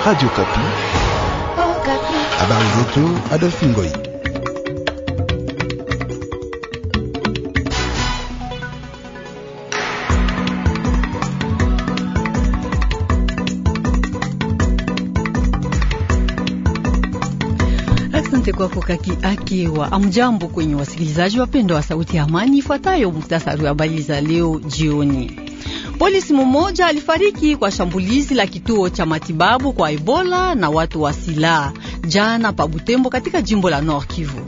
Radio Kapi. Oh, Kapi. Habari zetu Adolphe Ngoi. Asante kwa kukaki akiwa amjambo kwenye wasikilizaji wapendwa wa Sauti ya Amani. Ifuatayo muktasari wa habari za leo jioni. Polisi mmoja alifariki kwa shambulizi la kituo cha matibabu kwa Ebola na watu wa silaha jana pa Butembo katika jimbo la North Kivu.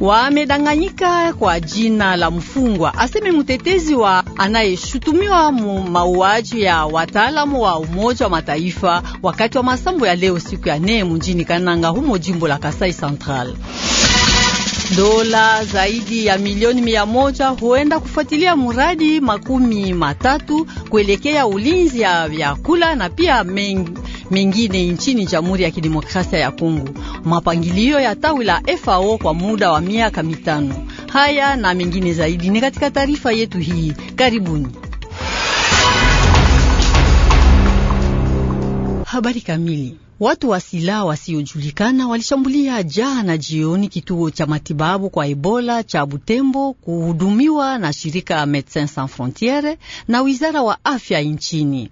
Wamedanganyika kwa jina la mfungwa, aseme mtetezi wa anayeshutumiwa mu mauaji ya wataalamu wa Umoja wa Mataifa wakati wa masambo ya leo siku ya nne mjini Kananga humo jimbo la Kasai Central. Dola zaidi ya milioni mia moja huenda kufuatilia muradi makumi matatu kuelekea ulinzi ya vyakula na pia mengine nchini Jamhuri ya Kidemokrasia ya Kongo, mapangilio ya tawi la FAO kwa muda wa miaka mitano. Haya na mengine zaidi ni katika taarifa yetu hii, karibuni. Habari kamili Watu wa silaha wasiojulikana walishambulia jana jioni kituo cha matibabu kwa Ebola cha Butembo kuhudumiwa na shirika Medecins Sans Frontieres na wizara wa afya nchini.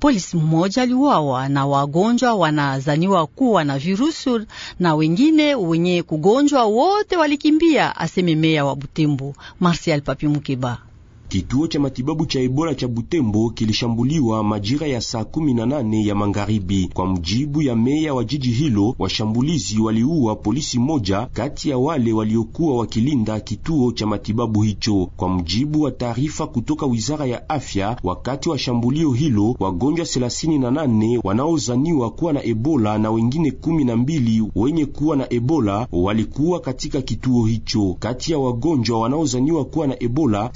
Polisi mmoja aliuawa na wagonjwa wanazaniwa kuwa na virusu na wengine wenye kugonjwa wote walikimbia, aseme meya wa Butembo Marsial Papi Mukeba. Kituo cha matibabu cha Ebola cha Butembo kilishambuliwa majira ya saa 18 ya magharibi. Kwa mjibu ya meya wa jiji hilo, washambulizi waliua polisi moja kati ya wale waliokuwa wakilinda kituo cha matibabu hicho. Kwa mjibu wa taarifa kutoka Wizara ya Afya, wakati wa shambulio hilo wagonjwa 38 wanaozaniwa kuwa na Ebola na wengine 12 wenye kuwa na Ebola walikuwa katika kituo hicho. Kati ya wagonjwa wanaozaniwa kuwa na Ebola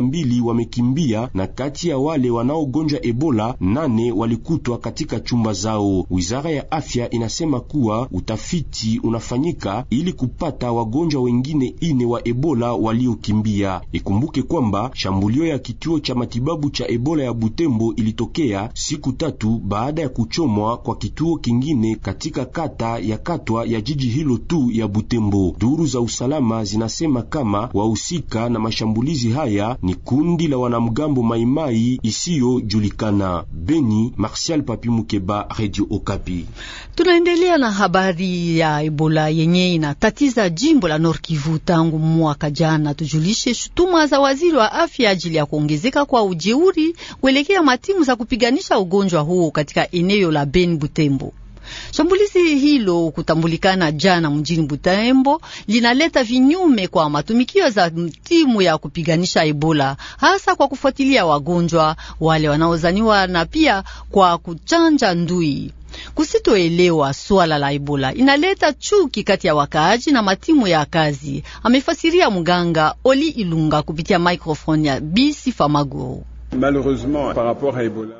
mbili wamekimbia na kati ya wale wanaogonja Ebola nane walikutwa katika chumba zao. Wizara ya afya inasema kuwa utafiti unafanyika ili kupata wagonjwa wengine ine wa Ebola waliokimbia. Ikumbuke kwamba shambulio ya kituo cha matibabu cha Ebola ya Butembo ilitokea siku tatu baada ya kuchomwa kwa kituo kingine katika kata ya Katwa ya jiji hilo tu ya Butembo. Duru za usalama zinasema kama wahusika na mashambulizi haya ni ni kundi la wanamgambo maimai isiyojulikana. Beni, Martial Papi Mukeba, Radio Okapi. Tunaendelea na habari ya Ebola yenye inatatiza jimbo la Nord Kivu tangu mwaka jana. Tujulishe shutuma za waziri wa afya ajili ya kuongezeka kwa ujeuri kuelekea matimu za kupiganisha ugonjwa huo katika eneo la Beni Butembo. Shambulizi hilo kutambulikana jana mjini Butembo linaleta vinyume kwa matumikio za timu ya kupiganisha Ebola, hasa kwa kufuatilia wagonjwa wale wanaozaniwa na pia kwa kuchanja ndui. Kusitoelewa swala la Ebola inaleta chuki kati ya wakaaji na matimu ya kazi, amefasiria mganga Oli Ilunga kupitia microphone ya Bisi Famaguru.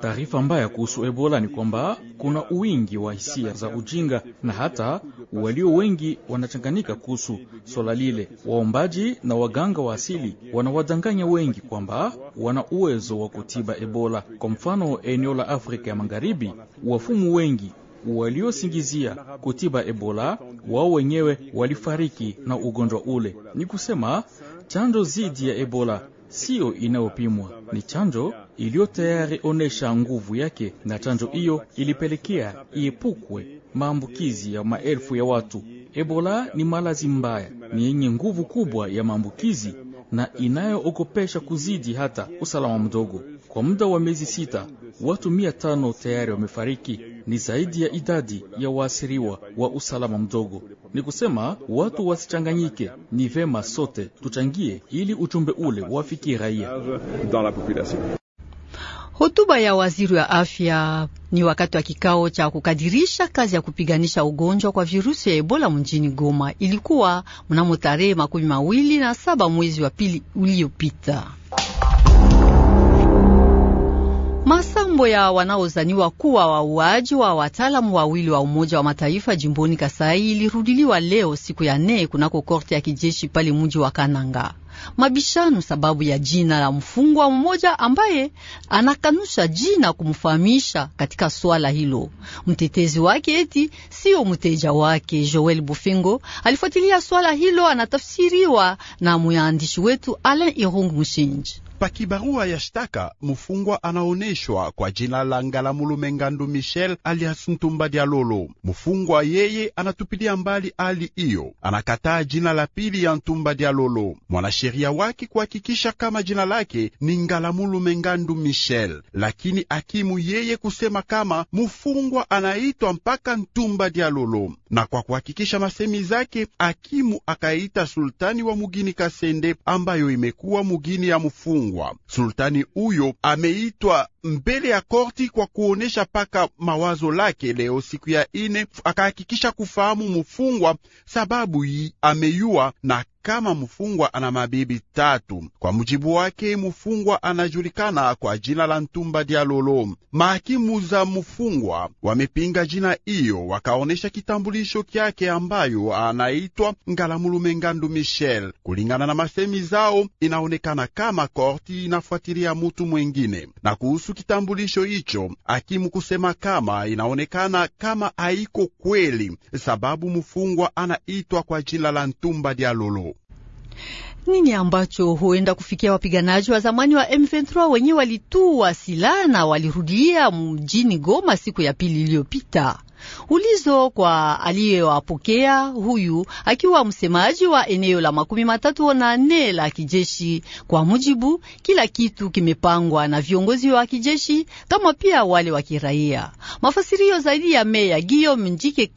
Taarifa mbaya kuhusu Ebola ni kwamba kuna uwingi wa hisia za ujinga na hata walio wengi wanachanganyika kuhusu swala lile. Waombaji na waganga wa asili wanawadanganya wengi kwamba wana uwezo wa kutiba Ebola. Kwa mfano, eneo la Afrika ya Magharibi, wafumu wengi waliosingizia kutiba Ebola wao wenyewe walifariki na ugonjwa ule. Ni kusema chanjo dhidi ya Ebola sio inayopimwa, ni chanjo iliyo tayari onesha nguvu yake, na chanjo hiyo ilipelekea iepukwe maambukizi ya maelfu ya watu. Ebola ni malazi mbaya, ni yenye nguvu kubwa ya maambukizi na inayoogopesha kuzidi hata usalama mdogo. Kwa muda wa miezi sita, watu mia tano tayari wamefariki ni zaidi ya idadi ya waasiriwa wa usalama mdogo. Ni kusema watu wasichanganyike, ni vema sote tuchangie ili ujumbe ule wafikie raia. Hotuba ya waziri wa afya ni wakati wa kikao cha kukadirisha kazi ya kupiganisha ugonjwa kwa virusi ya Ebola mjini Goma. Ilikuwa mnamo tarehe makumi mawili na saba mwezi wa pili uliopita. mambo ya wanaozaniwa kuwa wauaji wa wataalamu wawili wa Umoja wa Mataifa jimboni Kasai ilirudiliwa leo siku ya nne kunako korte ya kijeshi pale mji wa Kananga. Mabishano sababu ya jina la mfungwa mmoja ambaye anakanusha jina kumfahamisha katika swala hilo. Mtetezi wake eti sio mteja wake. Joel bufingo alifuatilia swala hilo, anatafsiriwa na mwandishi wetu Alain Irung Mushinji. Pakibarua ya shtaka mufungwa anaoneshwa kwa jina la Ngalamulume Ngandu Michel alias Ntumba Dialolo. mufungwa yeye anatupilia mbali hali hiyo, anakataa jina la pili ya Ntumba Dialolo, mwanasheria wake kuhakikisha kama jina lake ni Ngalamulume Ngandu Michel, lakini akimu yeye kusema kama mufungwa anaitwa mpaka Ntumba Dialolo na kwa kuhakikisha masemi zake, akimu akaita sultani wa mugini Kasende ambayo imekuwa mugini ya mfungwa. Sultani huyo ameitwa mbele ya korti kwa kuonesha paka mawazo lake. Leo siku ya ine akahakikisha kufahamu mfungwa sababu hii ameyua na kama mfungwa ana mabibi tatu. Kwa mujibu wake, mfungwa anajulikana kwa jina la Ntumba Dialolo. Mahakimu za mfungwa wamepinga jina hiyo, wakaonyesha kitambulisho kyake ambayo anaitwa Ngalamulume Ngandu Michel. Kulingana na masemi zao, inaonekana kama korti inafuatilia mutu mwengine, na kuhusu kitambulisho hicho, hakimu kusema kama inaonekana kama haiko kweli, sababu mfungwa anaitwa kwa jina la Ntumba Dialolo. Nini ambacho huenda kufikia wapiganaji wa zamani wa M23 wenye walitua silaha na walirudia mjini Goma siku ya pili iliyopita? Ulizo kwa aliyewapokea huyu akiwa msemaji wa eneo la makumi matatu na nne la kijeshi. Kwa mujibu, kila kitu kimepangwa na viongozi wa kijeshi kama pia wale wa kiraia. Mafasirio zaidi ya meya Guillaume Njike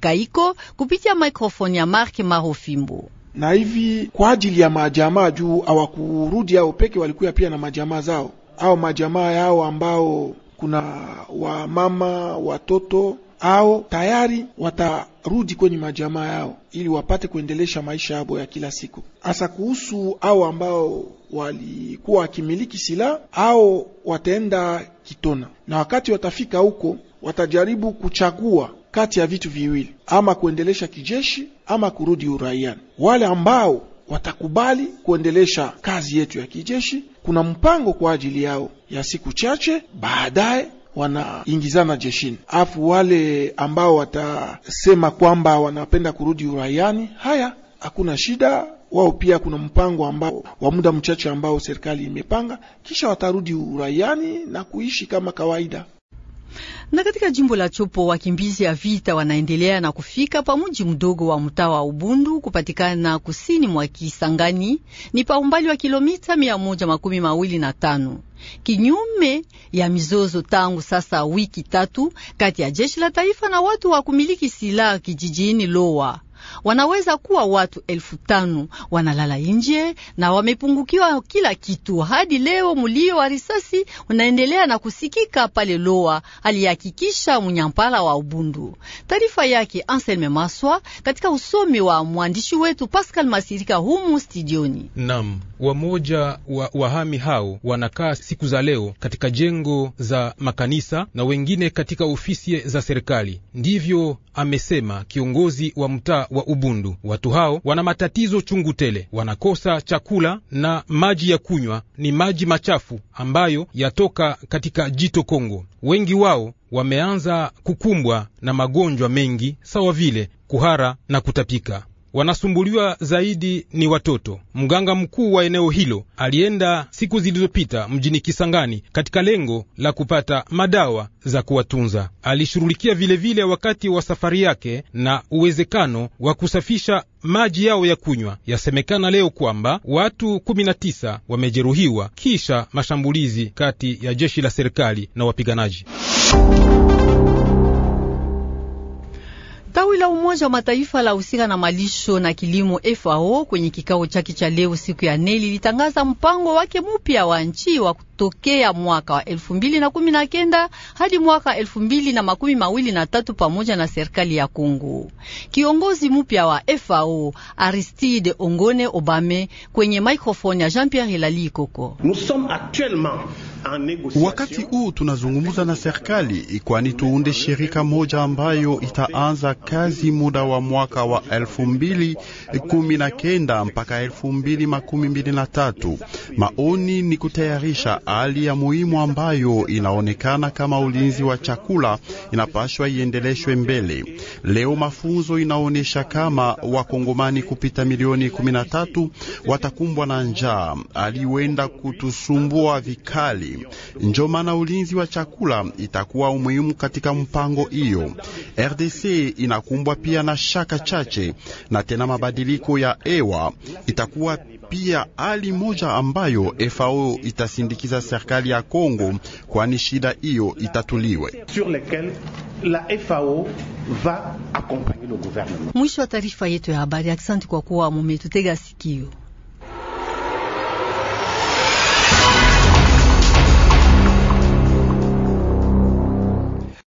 Kaiko kupitia mikrofoni ya Mark Marofimbo na hivi kwa ajili ya majamaa juu hawakurudi ao peke, walikuya pia na majamaa zao au majamaa yao ambao kuna wamama watoto au tayari watarudi kwenye majamaa yao ili wapate kuendelesha maisha yabo ya kila siku. Hasa kuhusu ao ambao walikuwa wakimiliki silaha au wataenda Kitona, na wakati watafika huko watajaribu kuchagua kati ya vitu viwili, ama kuendelesha kijeshi ama kurudi uraiani. Wale ambao watakubali kuendelesha kazi yetu ya kijeshi, kuna mpango kwa ajili yao ya siku chache baadaye wanaingizana jeshini. Afu wale ambao watasema kwamba wanapenda kurudi uraiani, haya, hakuna shida wao pia kuna mpango ambao wa muda mchache ambao serikali imepanga, kisha watarudi uraiani na kuishi kama kawaida. Na katika jimbo la Chopo wakimbizi ya vita wanaendelea na kufika pa mji mdogo wa mtaa wa Ubundu kupatikana kusini mwa Kisangani, ni pa umbali wa kilomita mia moja makumi mawili na tano kinyume ya mizozo tangu sasa wiki tatu kati ya jeshi la taifa na watu wa kumiliki silaha kijijini Lowa wanaweza kuwa watu elfu tano wanalala nje na wamepungukiwa kila kitu. Hadi leo mlio wa risasi unaendelea na kusikika pale Loa, alihakikisha mnyampala wa Ubundu. Taarifa yake Anselme Maswa katika usomi wa mwandishi wetu Pascal Masirika humu studioni. Nam wamoja wa wahami hao wanakaa siku za leo katika jengo za makanisa na wengine katika ofisi za serikali, ndivyo amesema kiongozi wa mtaa wa Ubundu. Watu hao wana matatizo chungu tele, wanakosa chakula na maji ya kunywa ni maji machafu ambayo yatoka katika jito Kongo. Wengi wao wameanza kukumbwa na magonjwa mengi sawa vile kuhara na kutapika wanasumbuliwa zaidi ni watoto. Mganga mkuu wa eneo hilo alienda siku zilizopita mjini Kisangani katika lengo la kupata madawa za kuwatunza. Alishughulikia vilevile wakati wa safari yake na uwezekano wa kusafisha maji yao ya kunywa. Yasemekana leo kwamba watu 19 wamejeruhiwa kisha mashambulizi kati ya jeshi la serikali na wapiganaji. Tawi la Umoja wa Mataifa la husika na malisho na kilimo FAO kwenye kikao chake cha leo siku ya nne lilitangaza mpango wake mupya wa nchi wa tokea mwaka wa kenda hadi mwaka elfu mbili na na makumi mawili tatu pamoja na serikali ya Kongo. Kiongozi mpya wa FAO Aristide Ongone Obame kwenye mikrofoni ya Jean-Pierre Lali Koko. Wakati huu tunazungumza na serikali kwani tuunde shirika moja ambayo itaanza kazi muda wa mwaka wa elfu mbili kumi na kenda mpaka elfu mbili mbili makumi na tatu. Maoni ni kutayarisha hali ya muhimu ambayo inaonekana kama ulinzi wa chakula inapashwa iendeleshwe mbele. Leo mafunzo inaonyesha kama wakongomani kupita milioni 13 watakumbwa na njaa aliwenda kutusumbua vikali. Ndio maana ulinzi wa chakula itakuwa umuhimu katika mpango hiyo. RDC inakumbwa pia na shaka chache na tena mabadiliko ya hewa itakuwa pia hali moja ambayo FAO itasindikiza serikali ya Kongo, kwani shida hiyo itatuliwe. Mwisho wa taarifa yetu ya habari. Asante kwa kuwa mumetutega sikio.